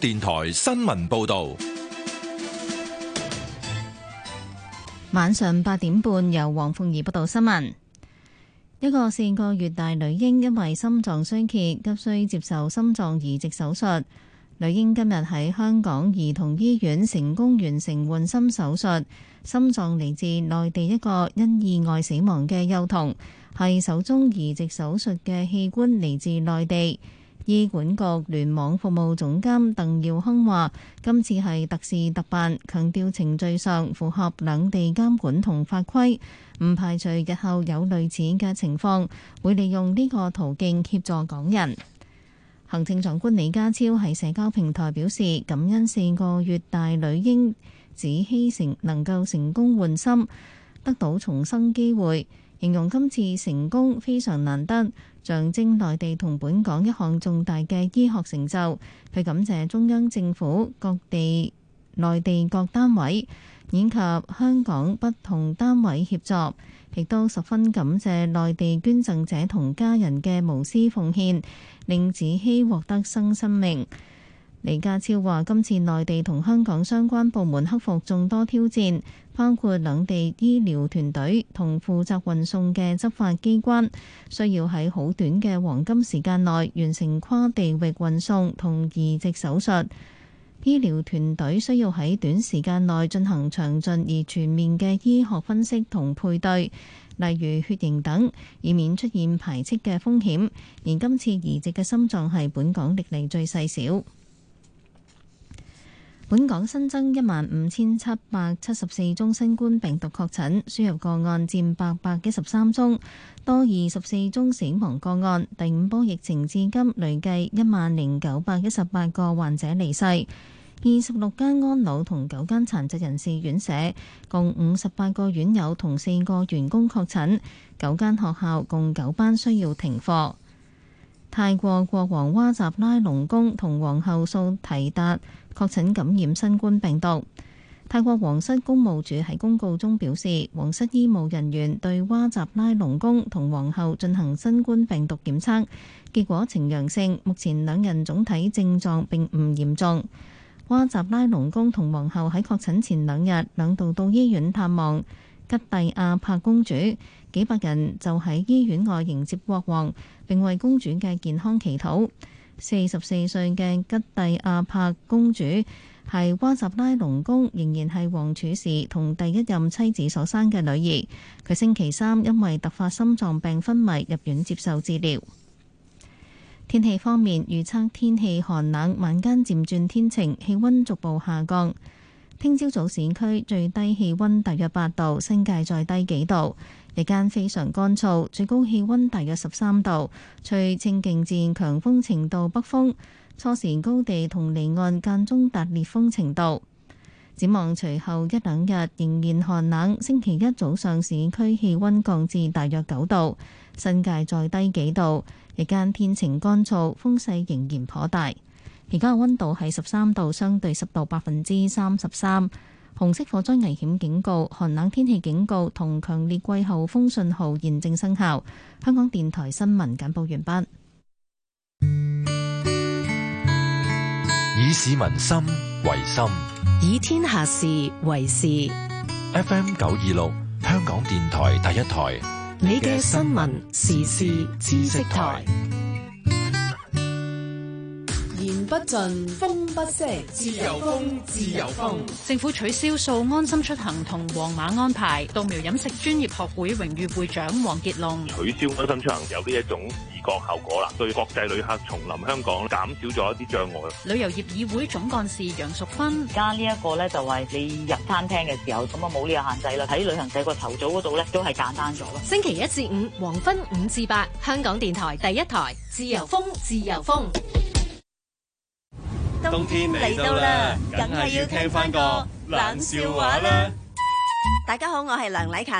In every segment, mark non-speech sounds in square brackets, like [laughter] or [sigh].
電台新聞報道：晚上八點半，由黃鳳儀報道新聞。一個四個月大女嬰因為心臟衰竭，急需接受心臟移植手術。女嬰今日喺香港兒童醫院成功完成換心手術，心臟嚟自內地一個因意外死亡嘅幼童，係首宗移植手術嘅器官嚟自內地。醫管局聯網服務總監鄧耀鏗話，今次係特事特辦，強調程序上符合兩地監管同法規，唔排除日後有類似嘅情況，會利用呢個途徑協助港人。行政長官李家超喺社交平台表示，感恩四個月大女嬰芷希成能夠成功換心，得到重生機會。形容今次成功非常難得，象徵內地同本港一項重大嘅醫學成就。佢感謝中央政府、各地內地各單位，以及香港不同單位協作，亦都十分感謝內地捐贈者同家人嘅無私奉獻，令子希獲得新生命。李家超話今次內地同香港相關部門克服眾多挑戰，包括兩地醫療團隊同負責運送嘅執法機關需要喺好短嘅黃金時間內完成跨地域運送同移植手術，醫療團隊需要喺短時間內進行詳盡而全面嘅醫學分析同配對，例如血型等，以免出現排斥嘅風險，而今次移植嘅心臟係本港歷嚟最細小。本港新增一萬五千七百七十四宗新冠病毒確診，輸入個案佔八百一十三宗，多二十四宗死亡個案。第五波疫情至今累計一萬零九百一十八個患者離世。二十六間安老同九間殘疾人士院舍，共五十八個院友同四個員工確診。九間學校共九班需要停課。泰國國王哇集拉隆功同皇后素提達確診感染新冠病毒。泰國皇室公務處喺公告中表示，皇室醫務人員對哇集拉隆功同皇后進行新冠病毒檢測，結果呈陽性。目前兩人總體症狀並唔嚴重。哇集拉隆功同皇后喺確診前兩日兩度到醫院探望。吉蒂亞帕公主，幾百人就喺醫院外迎接國王，並為公主嘅健康祈禱。四十四歲嘅吉蒂亞帕公主係瓦集拉隆功仍然係王儲時，同第一任妻子所生嘅女兒。佢星期三因為突發心臟病昏迷入院接受治療。天氣方面，預測天氣寒冷，晚間漸轉天晴，氣溫逐步下降。聽朝早，早，市區最低氣温大約八度，新界再低幾度。日間非常乾燥，最高氣溫大約十三度。隨清勁至強風程度北風，初時高地同離岸間中達烈風程度。展望隨後一兩日仍然寒冷，星期一早上市區氣溫降至大約九度，新界再低幾度。日間天晴乾燥，風勢仍然頗大。而家嘅溫度係十三度，相對濕度百分之三十三。紅色火災危險警告、寒冷天氣警告同強烈季候風信號現正生效。香港電台新聞簡報完畢。以市民心為心，以天下事為事。FM 九二六，香港電台第一台，你嘅新聞時事知識台。不盡風不息，自由風，自由風。政府取消數安心出行同黃碼安排，稻苗飲食專業學會榮譽會長黃傑龍，取消安心出行有呢一種視覺效果啦，對國際旅客重臨香港減少咗一啲障礙。旅遊業議會總幹事楊淑芬，加呢一個咧，就係、是、你入餐廳嘅時候咁啊冇呢個限制啦。喺旅行社個頭早嗰度咧都係簡單咗啦。星期一至五黃昏五至八，香港電台第一台，自由風，自由風。冬天嚟到啦，梗係要聽翻個冷笑話啦！大家好，我係梁禮勤。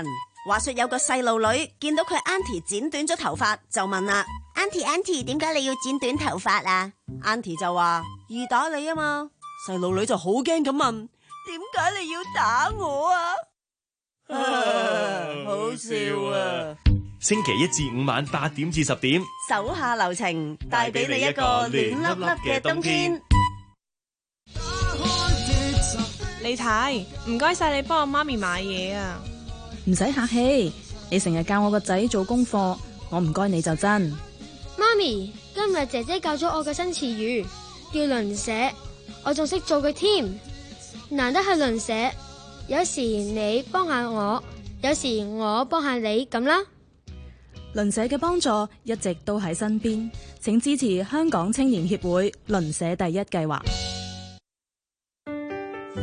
話說有個細路女見到佢 Auntie 剪短咗頭髮，就問啦：Auntie，Auntie，點解你要剪短頭髮啊？Auntie 就話：易打你啊嘛。細路女就好驚咁問：點解你要打我啊？好笑啊！星期一至五晚八點至十點，手下留情，帶俾你一個暖粒粒嘅冬天。你睇，唔該晒你幫我媽咪買嘢啊！唔使客氣，你成日教我個仔做功課，我唔該你就真。媽咪，今日姐姐教咗我嘅新詞語，叫「鄰舍」。我仲識做嘅添。難得係「鄰舍」。有時你幫下我，有時我幫下你，咁啦。「鄰舍」嘅幫助一直都喺身邊，請支持香港青年協會鄰舍第一計劃。計劃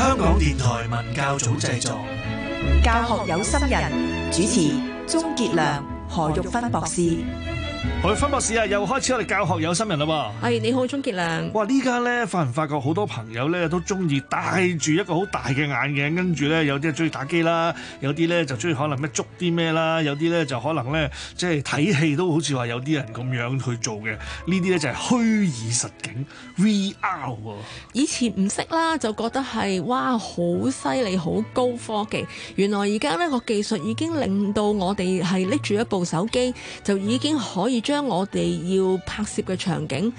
香港電台文教組製作，教學有心人主持，鍾傑良、何玉芬博士。我芬博士啊，又開始我哋教學有心人啦噃。係、哎、你好，鍾傑良。哇，而家咧發唔發覺好多朋友咧都中意戴住一個好大嘅眼鏡，跟住咧有啲中意打機啦，有啲咧就中意可能咩捉啲咩啦，有啲咧就可能咧即係睇戲都好似話有啲人咁樣去做嘅。呢啲咧就係虛擬實境、VR 啊。以前唔識啦，就覺得係哇好犀利，好高科技。原來而家呢、這個技術已經令到我哋係拎住一部手機就已經可。可以將我哋要拍攝嘅場景，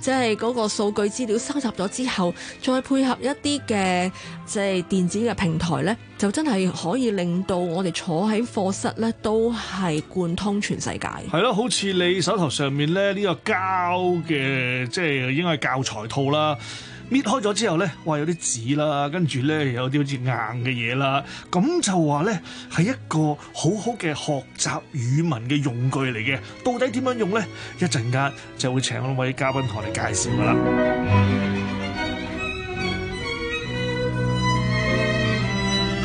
即係嗰個數據資料收集咗之後，再配合一啲嘅即係電子嘅平台，呢就真係可以令到我哋坐喺課室，呢都係貫通全世界。係咯，好似你手頭上面呢呢個膠嘅，即係應該係教材套啦。搣開咗之後呢，哇有啲紙啦，跟住呢，有啲好似硬嘅嘢啦，咁就話呢，係一個好好嘅學習語文嘅用具嚟嘅，到底點樣用呢？一陣間就會請一位嘉賓同我哋介紹噶啦。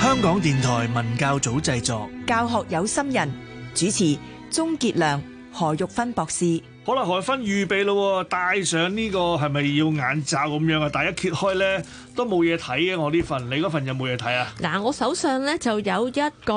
香港電台文教組製作，教學有心人主持，鍾傑良、何玉芬博士。好啦，何芬預備咯，戴上呢、呢個係咪要眼罩咁樣啊？大家揭開咧都冇嘢睇嘅，我呢份，你嗰份有冇嘢睇啊？嗱，我手上咧就有一個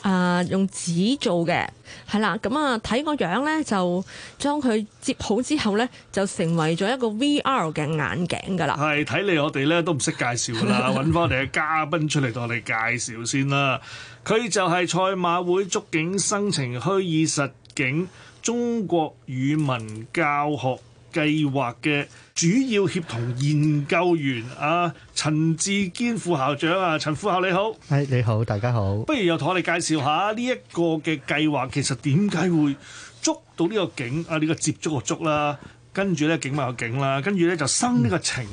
啊、呃，用紙做嘅，係啦，咁啊睇個樣咧就將佢接好之後咧就成為咗一個 VR 嘅眼鏡㗎啦。係，睇嚟我哋咧都唔識介紹㗎啦，揾翻我哋嘅嘉賓出嚟同我哋介紹先啦。佢就係賽馬會觸境生情虛擬實境。中國語文教學計劃嘅主要協同研究員啊，陳志堅副校長啊，陳副校你好，係、哎、你好，大家好，不如又同我哋介紹下呢一個嘅計劃，其實點解會捉到呢個景啊呢、呢個接觸個捉啦。跟住咧，景物有景啦，跟住咧就生呢個情。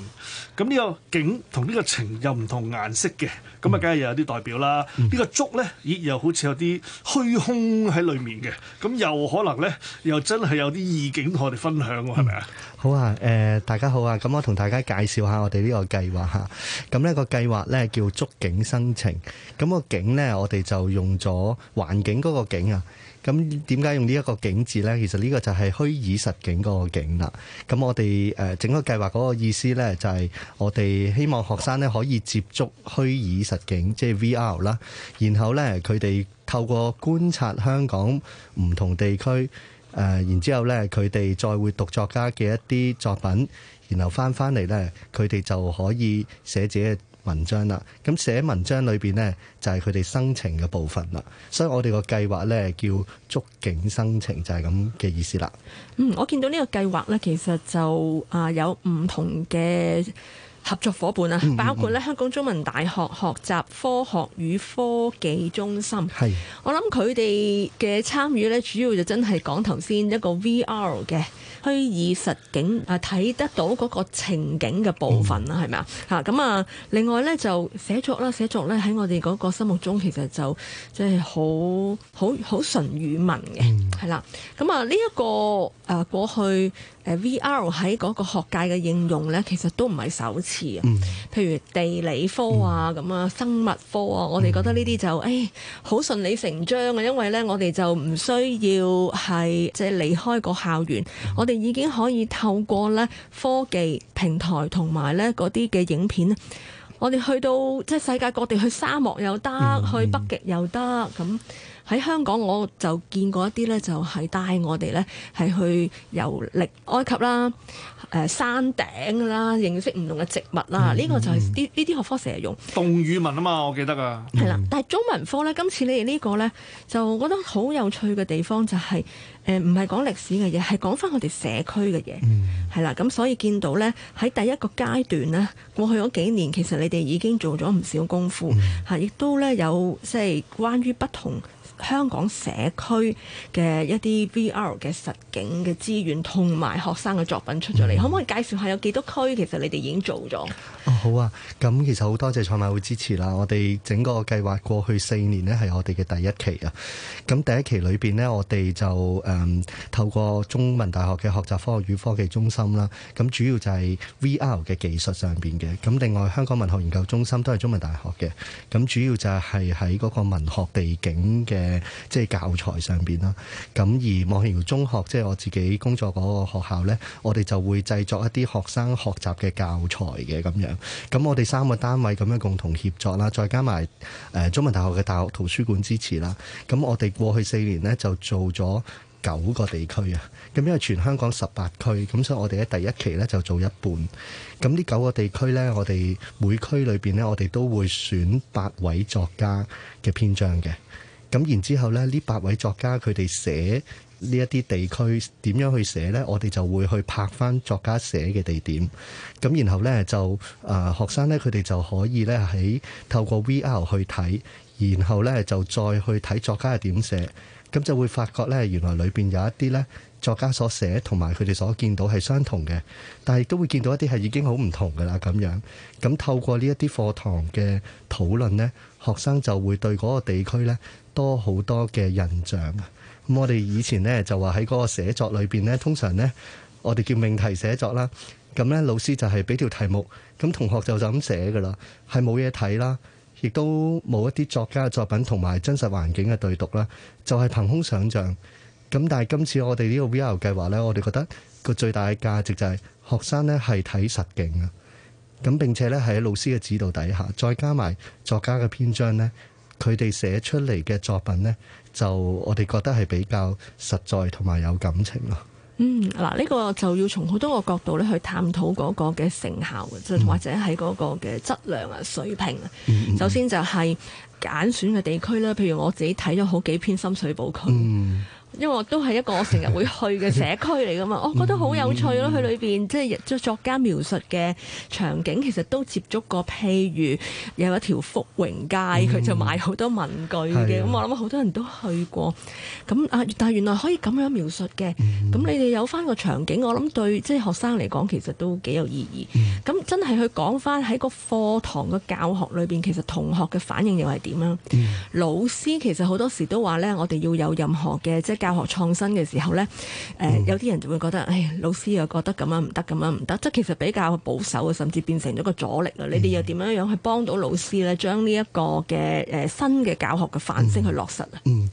咁呢個景同呢個情又唔同顏色嘅，咁啊，梗係又有啲代表啦。呢、嗯、個竹咧，咦，又好似有啲虛空喺裏面嘅，咁又可能咧，又真係有啲意境同我哋分享喎、哦，係咪啊？吧好啊，誒、呃，大家好啊，咁我同大家介紹下我哋呢個計劃嚇、啊。咁、那、呢個計劃咧叫竹景生情。咁、那個景咧，我哋就用咗環境嗰個景啊。咁點解用呢、這、一個景字呢？其實呢個就係、是、虛擬實景嗰、那個景啦。咁我哋誒整個計劃嗰個意思呢，就係、是、我哋希望學生呢可以接觸虛擬實景，即、就、係、是、VR 啦。然後呢，佢哋透過觀察香港唔同地區誒、呃，然之後呢，佢哋再會讀作家嘅一啲作品，然後翻翻嚟呢，佢哋就可以寫自己嘅文章啦，咁寫文章裏邊呢，就係佢哋生情嘅部分啦，所以我哋個計劃呢，叫捉景生情，就係咁嘅意思啦。嗯，我見到呢個計劃呢，其實就啊有唔同嘅合作夥伴啊，嗯嗯嗯包括咧香港中文大學學習科學與科技中心，係是我諗佢哋嘅參與咧，主要就真係講頭先一個 VR 嘅虛擬實景啊，睇，呃，得到嗰個情景嘅部分啦，係咪啊？吓，咁啊！另外咧就寫作啦，寫作咧喺我哋嗰個心目中其實就即係好好好純語文嘅，係啦，嗯。咁啊呢一、這個誒、啊、過去，VR 喺嗰個學界嘅應用呢，其實都唔係首次啊。譬如地理科啊，咁啊生物科啊，我哋覺得呢啲就誒好、哎、順理成章啊，因為呢，我哋就唔需要係即係離開個校園，我哋已經可以透過呢科技平台同埋呢嗰啲嘅影片。我哋去到即係世界各地，去沙漠又得，去北極又得。咁喺香港，我就見過一啲咧，就係、是、帶我哋咧係去遊歷埃及啦、誒、呃、山頂啦，認識唔同嘅植物啦。呢、嗯、個就係啲呢啲學科成日用。動語文啊嘛，我記得㗎。係啦，但係中文科咧，今次你哋呢個咧，就覺得好有趣嘅地方就係、是。誒唔係講歷史嘅嘢，係講翻我哋社區嘅嘢，係啦、嗯。咁所以見到咧，喺第一個階段咧，過去嗰幾年其實你哋已經做咗唔少功夫嚇，亦、嗯啊、都咧有即係關於不同。香港社區嘅一啲 VR 嘅實景嘅資源，同埋學生嘅作品出咗嚟，嗯、可唔可以介紹下有幾多區？其實你哋已經做咗。哦，好啊，咁其實好多謝賽馬會支持啦。我哋整個計劃過去四年呢，係我哋嘅第一期啊。咁第一期裏邊呢，我哋就誒透過中文大學嘅學習科學與科技中心啦。咁主要就係 VR 嘅技術上邊嘅。咁另外香港文學研究中心都係中文大學嘅。咁主要就係喺嗰個文學地景嘅。即係教材上邊啦。咁而望潮中學，即係我自己工作嗰個學校咧，我哋就會製作一啲學生學習嘅教材嘅咁樣，咁我哋三個單位咁樣共同協作啦，再加埋誒中文大學嘅大學圖書館支持啦。咁我哋過去四年咧就做咗九個地區啊。咁因為全香港十八區，咁所以我哋喺第一期咧就做一半。咁呢九個地區咧，我哋每區裏邊咧，我哋都會選八位作家嘅篇章嘅。咁然之後呢，呢八位作家佢哋寫呢一啲地區點樣去寫呢？我哋就會去拍翻作家寫嘅地點。咁然後呢，就誒、呃、學生呢，佢哋就可以呢喺透過 VR 去睇，然後呢就再去睇作家係點寫，咁就會發覺呢，原來裏邊有一啲呢。作家所寫同埋佢哋所見到係相同嘅，但係都會見到一啲係已經好唔同嘅啦咁樣。咁透過呢一啲課堂嘅討論呢，學生就會對嗰個地區呢多好多嘅印象啊！咁、嗯、我哋以前呢就話喺嗰個寫作裏邊呢，通常呢我哋叫命題寫作啦，咁、嗯、呢老師就係俾條題目，咁同學就就咁寫噶啦，係冇嘢睇啦，亦都冇一啲作家嘅作品同埋真實環境嘅對讀啦，就係、是、憑空想像。咁但係今次我哋呢個 VR 計劃呢，我哋覺得個最大嘅價值就係學生咧係睇實景啊！咁並且呢係喺老師嘅指導底下，再加埋作家嘅篇章呢，佢哋寫出嚟嘅作品呢，就我哋覺得係比較實在同埋有感情咯。嗯，嗱呢個就要從好多個角度咧去探討嗰個嘅成效，或者喺嗰個嘅質量啊、水平。首先就係揀選嘅地區咧，譬如我自己睇咗好幾篇深水埗區。嗯因為我都係一個我成日會去嘅社區嚟噶嘛，的我覺得好有趣咯。佢裏邊即係作家描述嘅場景，其實都接觸過，譬如有一條福榮街，佢、嗯、就賣好多文具嘅。咁的我諗好多人都去過。咁啊，但係原來可以咁樣描述嘅。咁、嗯、你哋有翻個場景，我諗對即係學生嚟講，其實都幾有意義。咁、嗯、真係去講翻喺個課堂嘅教學裏邊，其實同學嘅反應又係點啊？嗯、老師其實好多時都話咧，我哋要有任何嘅即教學創新嘅時候呢，誒、呃，有啲人就會覺得，誒，老師又覺得咁樣唔得，咁樣唔得，即係其實比較保守啊，甚至變成咗個阻力啊。你哋又點樣樣去幫到老師呢？將呢一個嘅誒、呃、新嘅教學嘅範式去落實啊、嗯？嗯，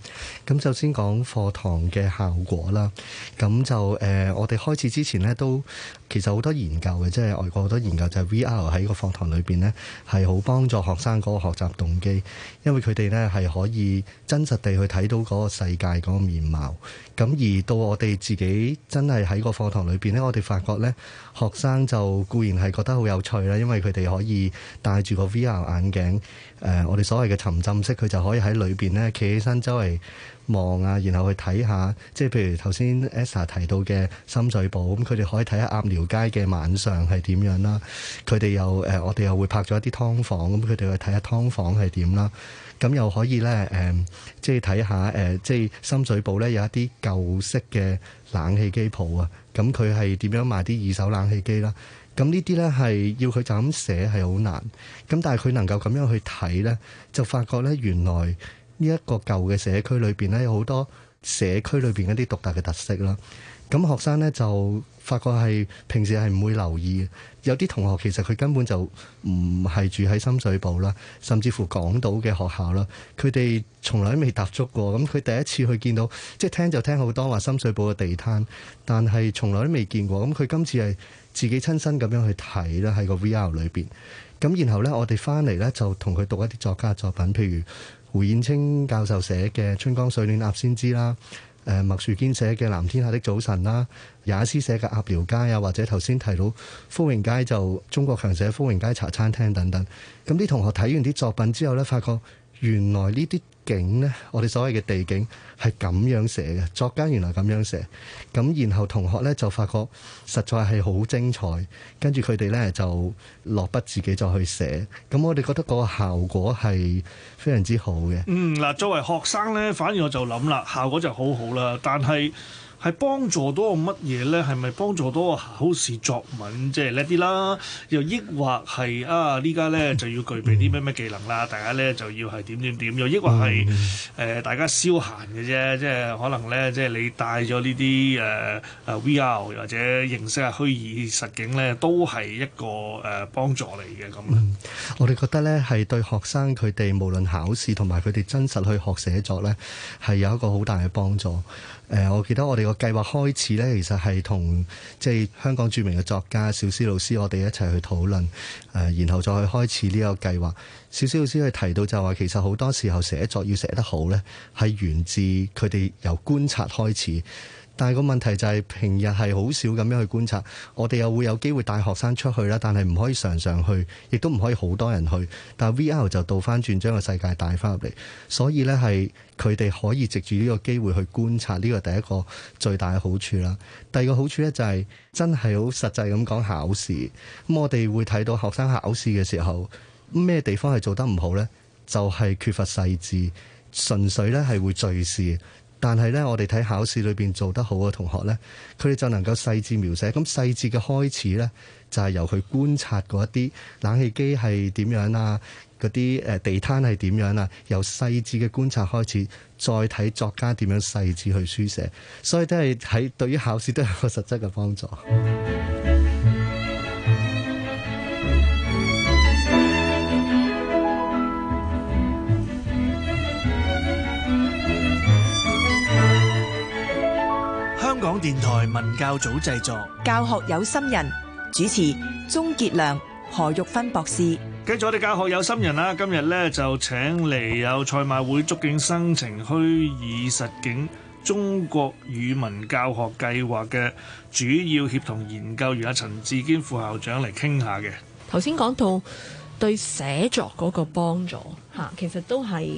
咁首先講課堂嘅效果啦，咁就誒、呃，我哋開始之前呢都。其實好多研究嘅，即係外國好多研究就係、是、VR 喺個課堂裏邊呢，係好幫助學生嗰個學習動機，因為佢哋呢係可以真實地去睇到嗰個世界嗰個面貌。咁而到我哋自己真係喺個課堂裏邊呢，我哋發覺呢，學生就固然係覺得好有趣啦，因為佢哋可以戴住個 VR 眼鏡，誒、呃，我哋所謂嘅沉浸式，佢就可以喺裏邊呢企起身周圍望啊，然後去睇下，即係譬如頭先 Esther 提到嘅深水埗，咁佢哋可以睇下鴨寮街嘅晚上係點樣啦。佢哋又誒、呃，我哋又會拍咗一啲劏房，咁佢哋去睇下劏房係點啦。咁又可以咧誒、呃，即係睇下誒、呃，即係深水埗咧有一啲舊式嘅冷氣機鋪啊，咁佢係點樣賣啲二手冷氣機啦。咁呢啲咧係要佢就咁寫係好難。咁但係佢能夠咁樣去睇咧，就發覺咧原來。呢一個舊嘅社區裏邊呢，有好多社區裏邊一啲獨特嘅特色啦。咁學生呢，就發覺係平時係唔會留意，有啲同學其實佢根本就唔係住喺深水埗啦，甚至乎港島嘅學校啦，佢哋從來未踏足過。咁佢第一次去見到，即係聽就聽好多話深水埗嘅地攤，但係從來都未見過。咁佢今次係自己親身咁樣去睇啦，喺個 VR 裏邊。咁然後呢，我哋翻嚟呢，就同佢讀一啲作家作品，譬如，胡燕青教授寫嘅《春江水暖鴨先知》啦，誒麥樹堅寫嘅《藍天下的早晨》啦，也斯寫嘅《鴨寮街》啊，或者頭先提到福榮街就中國強寫福榮街茶餐廳等等。咁啲同學睇完啲作品之後呢，發覺原來呢啲。景呢，我哋所謂嘅地景係咁樣寫嘅，作家原來咁樣寫，咁然後同學呢就發覺實在係好精彩，跟住佢哋呢就落筆自己再去寫，咁我哋覺得個效果係非常之好嘅。嗯，嗱，作為學生呢，反而我就諗啦，效果就好好啦，但係。係幫助到我乜嘢咧？係咪幫助到我考試作文即係叻啲啦？又抑或係啊？呢家咧就要具備啲咩咩技能啦？嗯、大家咧就要係點點點？又抑或係誒、呃、大家消閒嘅啫？即係可能咧，即係你帶咗呢啲誒誒 VR 或者認識下虛擬實境咧，都係一個誒、呃、幫助嚟嘅。咁我哋覺得咧，係對學生佢哋無論考試同埋佢哋真實去學寫作咧，係有一個好大嘅幫助。誒、呃，我記得我哋個計劃開始呢，其實係同即係香港著名嘅作家小思老師，我哋一齊去討論誒、呃，然後再去開始呢個計劃。小思老師去提到就話，其實好多時候寫作要寫得好呢，係源自佢哋由觀察開始。但係個問題就係、是、平日係好少咁樣去觀察，我哋又會有機會帶學生出去啦，但係唔可以常常去，亦都唔可以好多人去。但係 VR 就倒翻轉將個世界帶翻入嚟，所以呢，係佢哋可以藉住呢個機會去觀察呢個，第一個最大嘅好處啦。第二個好處呢、就是，就係真係好實際咁講考試。咁我哋會睇到學生考試嘅時候，咩地方係做得唔好呢？就係、是、缺乏細緻，純粹呢係會敘事。但係呢，我哋睇考試裏邊做得好嘅同學呢，佢哋就能夠細緻描寫。咁細緻嘅開始呢，就係由佢觀察嗰一啲冷氣機係點樣啊，嗰啲誒地攤係點樣啊，由細緻嘅觀察開始，再睇作家點樣細緻去書寫，所以都係喺對於考試都有個實質嘅幫助。 [music] 電台文教組製作，教學有心人主持鍾傑良、何玉芬博士。繼續我哋教學有心人啦，今日咧就請嚟有賽馬會觸境生情虛擬實境中國語文教學計劃嘅主要協同研究員阿陳志堅副校長嚟傾下嘅。頭先講到。對寫作嗰個幫助嚇，其實都係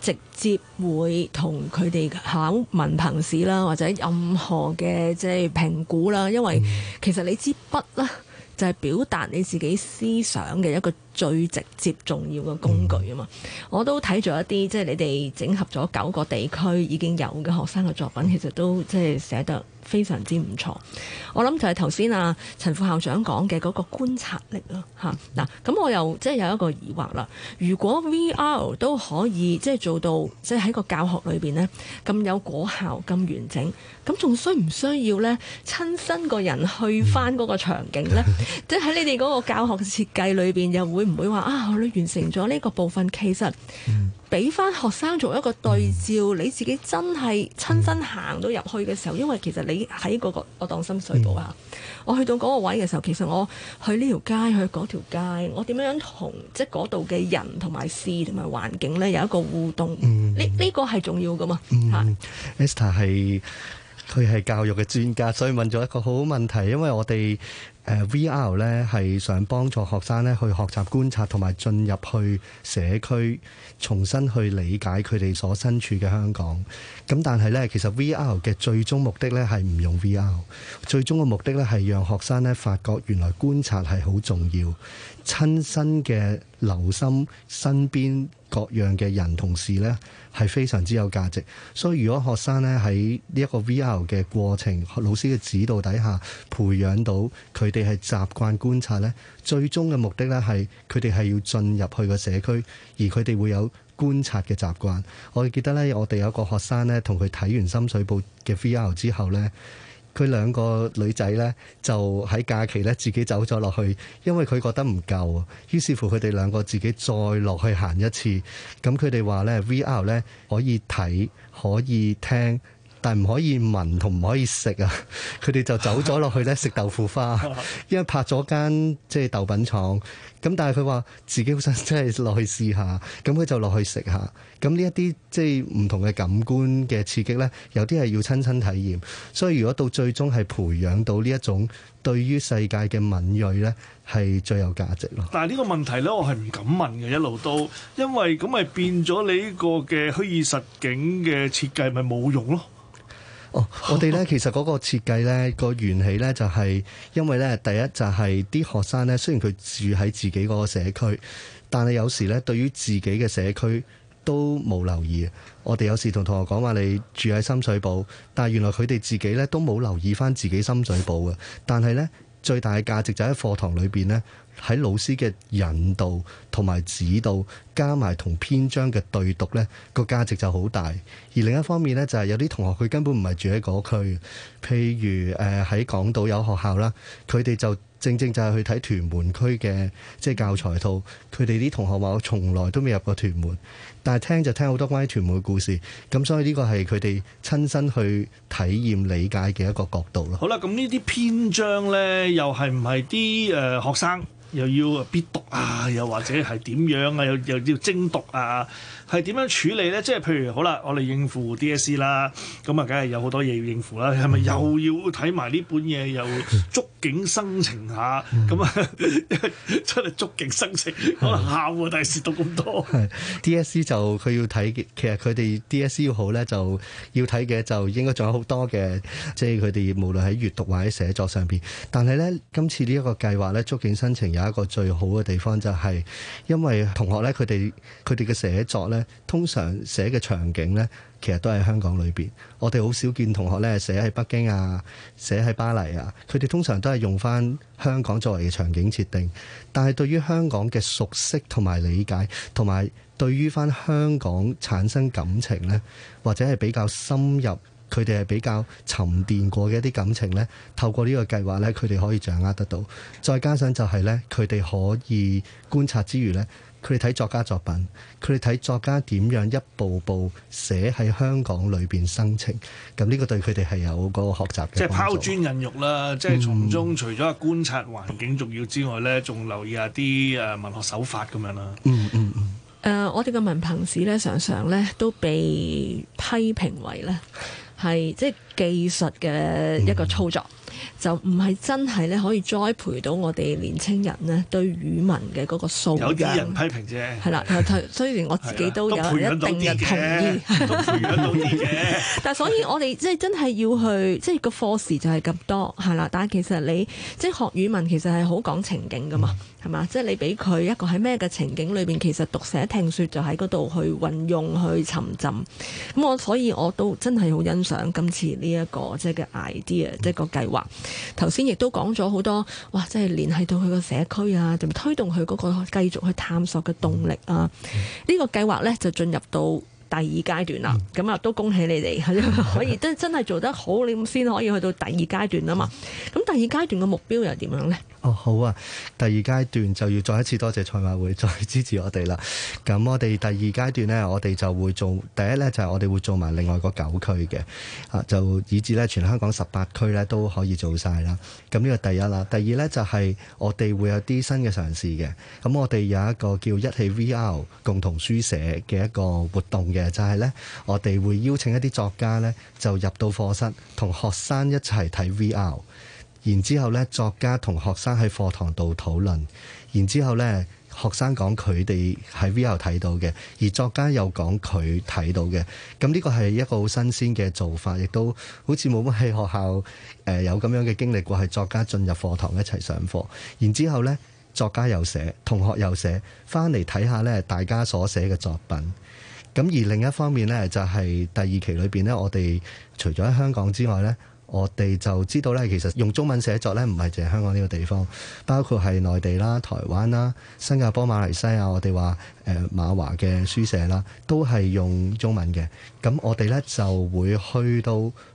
直接會同佢哋考文憑試啦，或者任何嘅即係評估啦。因為其實你支筆啦，就係表達你自己思想嘅一個最直接重要嘅工具啊嘛，我都睇咗一啲，即係你哋整合咗九個地區已經有嘅學生嘅作品，其實都即係寫得非常之唔錯，我諗就係頭先啊，陳副校長講嘅個觀察力咯吓嗱，咁我又即係有一個疑惑啦。如果 V R 都可以即係做到，即係喺個教學裏邊咧咁有果效，咁完整，咁仲需唔需要咧親身個人去翻個場景咧？即係 [laughs] 你哋個教學設計裏邊又會。會唔會話啊？我哋完成咗呢個部分，其實俾翻、嗯、學生做一個對照。嗯、你自己真係親身行到入去嘅時候，嗯、因為其實你喺嗰、嗰個我當深水埗啊，嗯、我去到嗰個位嘅時候，其實我去呢條街，去嗰條街，我點樣樣同即係嗰度嘅人同埋事同埋環境咧有一個互動。呢呢、嗯呢個係重要噶嘛、嗯、是？Esther 係佢係教育嘅專家，所以問咗一個好問題，因為我哋。VR 呢係想幫助學生呢去學習觀察，同埋進入去社區，重新去理解佢哋所身處嘅香港。咁但係呢，其實 VR 嘅最終目的呢係唔用 VR，最終嘅目的呢係讓學生呢發覺原來觀察係好重要，親身嘅留心身邊各樣嘅人同事呢，係非常之有價值，所以如果學生呢喺呢一個 VR 嘅過程，老師嘅指導底下，培養到佢哋係習慣觀察呢，最終嘅目的呢係佢哋係要進入去個社區，而佢哋會有觀察嘅習慣。我記得呢，我哋有一個學生呢，同佢睇完《深水埗》嘅 VR 之後呢，佢兩個女仔呢，就喺假期呢自己走咗落去，因為佢覺得唔夠，於是乎佢哋兩個自己再落去行一次。咁佢哋話呢：「VR 呢，可以睇，可以聽。但唔可以聞同唔可以食啊！佢 [laughs] 哋就走咗落去咧，食豆腐花， [laughs] 因為拍咗間即係豆品廠。咁但係佢話自己好想真係落去試下，咁佢就落去食下。咁呢一啲即係唔同嘅感官嘅刺激咧，有啲係要親身體驗。所以如果到最終係培養到呢一種對於世界嘅敏鋭咧，係最有價值咯。但係呢個問題咧，我係唔敢問嘅一路都，因為咁咪變咗你呢個嘅虛擬實境嘅設計咪冇用咯。哦，我哋咧，其實嗰個設計咧，嗰個源起咧，就係因為咧，第一就係啲學生咧，雖然佢住喺自己嗰個社區，但係有時咧，對於自己嘅社區都冇留意。我哋有時同同學講話，你住喺深水埗，但係原來佢哋自己咧都冇留意返自己深水埗嘅。但係咧，最大嘅價值就喺課堂裏邊咧。喺老師嘅引導同埋指導，加埋同篇章嘅對讀，呢個價值就好大。而另一方面呢，就係、是、有啲同學佢根本唔係住喺嗰區，譬如誒喺、呃、港島有學校啦，佢哋就正正就係去睇屯門區嘅即係教材套，佢哋啲同學話我從來都未入過屯門，但係聽就聽好多關於屯門嘅故事，咁所以呢個係佢哋親身去體驗理解嘅一個角度咯。好啦，咁呢啲篇章呢，又係唔係啲誒學生？又要必讀啊，又或者係點樣啊，又又要精讀啊。係點樣處理咧？即係譬如好啦，我哋應付 D.S.C. 啦，咁啊，梗係有好多嘢要應付啦。係咪、嗯、又要睇埋呢本嘢？嗯、又觸境生情下，咁啊、嗯、這樣 [laughs] 出嚟觸境生情，嗯、可能笑啊！但係涉到咁多，D.S.C. 就佢要睇嘅，其實佢哋 D.S.C. 要好咧，就要睇嘅，就應該仲有好多嘅，即係佢哋無論喺閱讀或者寫作上邊。但係咧，今次呢一個計劃咧，觸境生情有一個最好嘅地方就係，因為同學咧，佢哋佢哋嘅寫作咧。通常寫嘅場景呢，其實都喺香港裏邊。我哋好少見同學呢寫喺北京啊，寫喺巴黎啊。佢哋通常都係用返香港作為嘅場景設定。但係對於香港嘅熟悉同埋理解，同埋對於返香港產生感情呢，或者係比較深入，佢哋係比較沉澱過嘅一啲感情呢，透過呢個計劃呢，佢哋可以掌握得到。再加上就係呢，佢哋可以觀察之餘呢。佢哋睇作家作品，佢哋睇作家點樣一步步寫喺香港裏邊生情，咁呢個對佢哋係有個學習嘅。即係拋磚引玉啦，嗯、即係從中除咗觀察環境重要之外咧，仲留意一下啲誒文學手法咁樣啦、嗯。嗯嗯嗯。Uh, 我哋嘅文憑試咧，常常咧都被批評為咧係即係技術嘅一個操作。嗯就唔係真係咧，可以栽培到我哋年青人咧對語文嘅嗰個素養。有人批評啫。係啦，雖然我自己都有一定嘅同意。培養嘅，養 [laughs] [laughs] 但所以我哋即係真係要去，即、就、係、是、個課時就係咁多，係啦。但係其實你即係、就是、學語文，其實係好講情景㗎嘛，係嘛、嗯？即係、就是、你俾佢一個喺咩嘅情景裏邊，其實讀寫聽説就喺嗰度去運用去沉浸。咁我所以我都真係好欣賞今次呢一個即係嘅 idea，即係個計劃。嗯頭先亦都講咗好多，哇！即係聯繫到佢個社區啊，同推動佢嗰個繼續去探索嘅動力啊。呢、嗯、個計劃呢，就進入到第二階段啦，咁啊都恭喜你哋、嗯、 [laughs] 可以真真係做得好，你咁先可以去到第二階段啊嘛。咁第二階段嘅目標又點樣咧？哦，好啊，第二階段就要再一次多謝賽馬會再支持我哋啦。咁我哋第二階段咧，我哋就會做第一咧，就係、是、我哋會做埋另外個九區嘅啊，就以至咧全香港十八區咧都可以做晒啦。咁呢個第一啦，第二咧就係、是、我哋會有啲新嘅嘗試嘅。咁我哋有一個叫一起 VR 共同書寫嘅一個活動嘅。就係呢，我哋會邀請一啲作家呢，就入到課室，同學生一齊睇 VR，然之後呢，作家同學生喺課堂度討論，然之後呢，學生講佢哋喺 VR 睇到嘅，而作家又講佢睇到嘅，咁、這、呢個係一個好新鮮嘅做法，亦都好似冇乜喺學校誒、呃、有咁樣嘅經歷過，係作家進入課堂一齊上課，然之後呢，作家又寫，同學又寫，翻嚟睇下呢，大家所寫嘅作品。咁而另一方面呢，就係第二期裏邊呢，我哋除咗喺香港之外呢，我哋就知道呢，其實用中文寫作呢，唔係淨係香港呢個地方，包括係內地啦、台灣啦、新加坡、馬來西亞，我哋話誒馬華嘅書寫啦，都係用中文嘅。咁我哋呢就會去到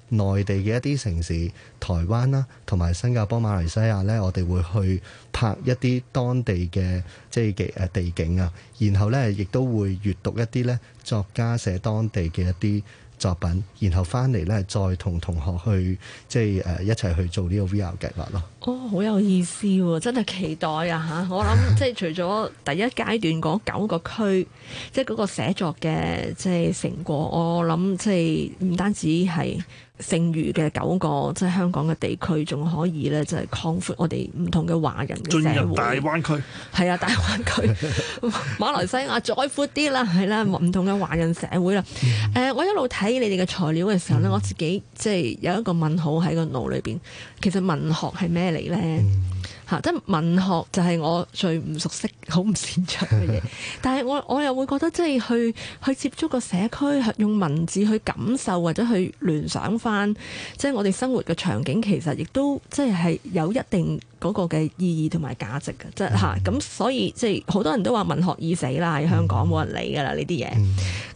內地嘅一啲城市、台灣啦，同埋新加坡、馬來西亞呢，我哋會去拍一啲當地嘅即係嘅誒地景啊，然後呢亦都會閱讀一啲呢。作家寫當地嘅一啲作品，然後翻嚟咧，再同同學去，即係誒一齊去做呢個 VR 計劃咯。哦，好有意思喎，啊！真係期待啊吓，我諗即係除咗第一階段嗰九個區，即係嗰個寫作嘅即係成果，我諗即係唔單止係剩餘嘅九個即係香港嘅地區仲可以咧，即係擴闊我哋唔同嘅華人嘅進入大灣區係啊，大灣區馬來西亞再闊啲啦，係啦， [laughs] 唔同嘅華人社會啦。誒、 [laughs] 呃、我一路睇你哋嘅材料嘅時候咧， [laughs] 我自己即係有一個問號喺個腦裏邊，其實文學係咩？嚟咧嚇，即係、嗯、文學就係我最唔熟悉、好唔擅長嘅嘢。 [laughs] 但係我我又會覺得，即係去去接觸個社區，用文字去感受或者去聯想返，即係我哋生活嘅場景，其實亦都即係係有一定嗰個嘅意義同埋價值嘅，即係吓咁，嗯、所以即係好多人都話文學已死啦，喺香港冇人理噶啦呢啲嘢。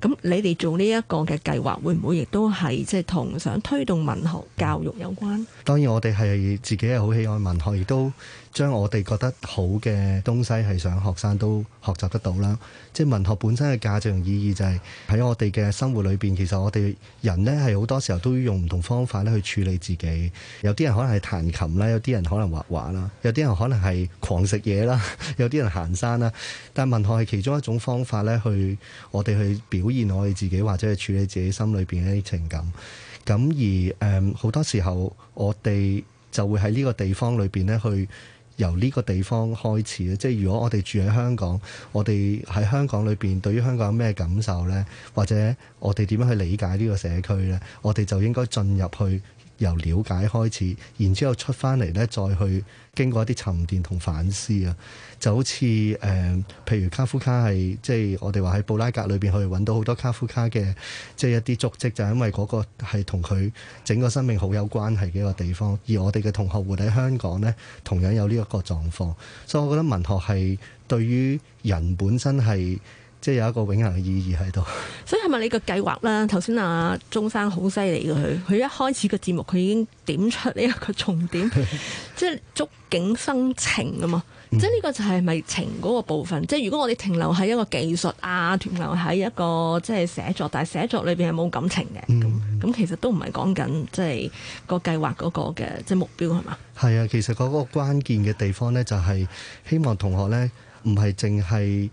咁、嗯、你哋做呢一個嘅計劃，會唔會亦都係即係同想推動文學教育有關？當然，我哋係自己係好喜愛文學，亦都。將我哋覺得好嘅東西係想學生都學習得到啦。即係文學本身嘅價值同意義就係喺我哋嘅生活裏邊，其實我哋人呢，係好多時候都要用唔同方法咧去處理自己。有啲人可能係彈琴啦，有啲人可能畫畫啦，有啲人可能係狂食嘢啦，有啲人行山啦。但文學係其中一種方法咧，去我哋去表現我哋自己，或者係處理自己心裏邊一啲情感。咁而誒好多時候我哋就會喺呢個地方裏邊咧去。由呢個地方開始嘅，即係如果我哋住喺香港，我哋喺香港裏邊對於香港有咩感受呢？或者我哋點樣去理解呢個社區呢？我哋就應該進入去。由了解開始，然之後出翻嚟呢，再去經過一啲沉澱同反思啊，就好似誒、呃，譬如卡夫卡係即係我哋話喺布拉格裏邊去揾到好多卡夫卡嘅即係一啲足跡，就係、是、因為嗰個係同佢整個生命好有關係嘅一個地方。而我哋嘅同學活喺香港呢，同樣有呢一個狀況，所以我覺得文學係對於人本身係。即係有一個永恆嘅意義喺度，所以係咪你個計劃啦？頭、啊、先阿鍾生好犀利，佢佢一開始個節目佢已經點出呢一個重點， [laughs] 即係觸景生情啊嘛！嗯、即係呢個就係咪情嗰個部分？即係如果我哋停留喺一個技術啊，停留喺一個即係寫作，但係寫作裏邊係冇感情嘅咁，咁、嗯嗯、其實都唔係講緊即係個計劃嗰個嘅即係目標係嘛？係啊 [laughs] 吧，其實嗰個關鍵嘅地方咧，就係希望同學咧唔係淨係。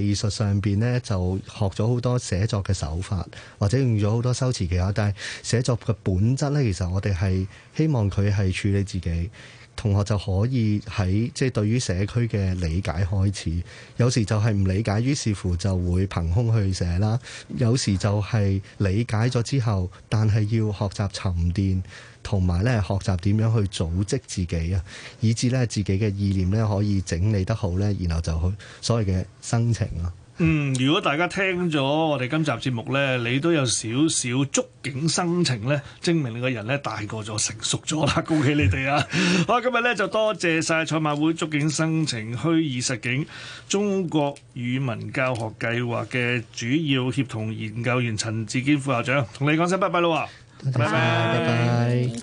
技術上邊呢，就學咗好多寫作嘅手法，或者用咗好多修辭技巧，但係寫作嘅本質呢，其實我哋係希望佢係處理自己同學就可以喺即係對於社區嘅理解開始，有時就係唔理解，於是乎就會憑空去寫啦；有時就係理解咗之後，但係要學習沉澱。同埋咧，學習點樣去組織自己啊，以致咧自己嘅意念咧可以整理得好咧，然後就去所謂嘅生情咯。嗯，如果大家聽咗我哋今集節目咧，你都有少少觸景生情咧，證明你個人咧大個咗、成熟咗啦，恭喜你哋啊！ [laughs] 好，今日咧就多謝曬賽馬會觸境生情虛擬實境中國語文教學計劃嘅主要協同研究員陳志堅副校長，同你講聲拜拜咯！拜拜，bye bye.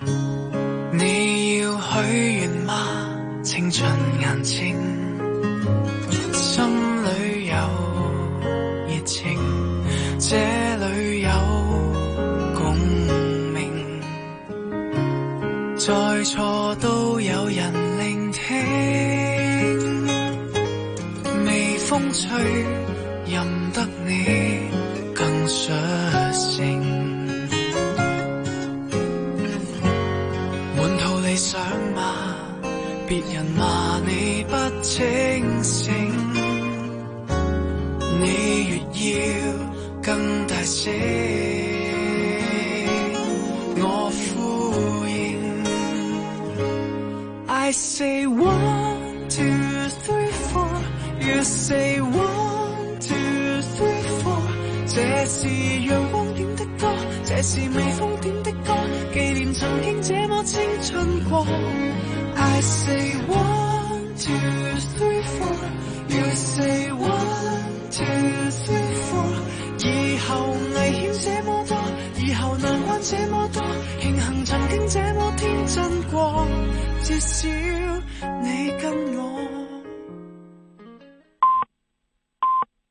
你要許願嗎？青春年青，心裏有熱情，這裏有共鳴，在錯都有人聆聽，微風吹，任得你更想。別人罵你不清醒，你越要更大聲。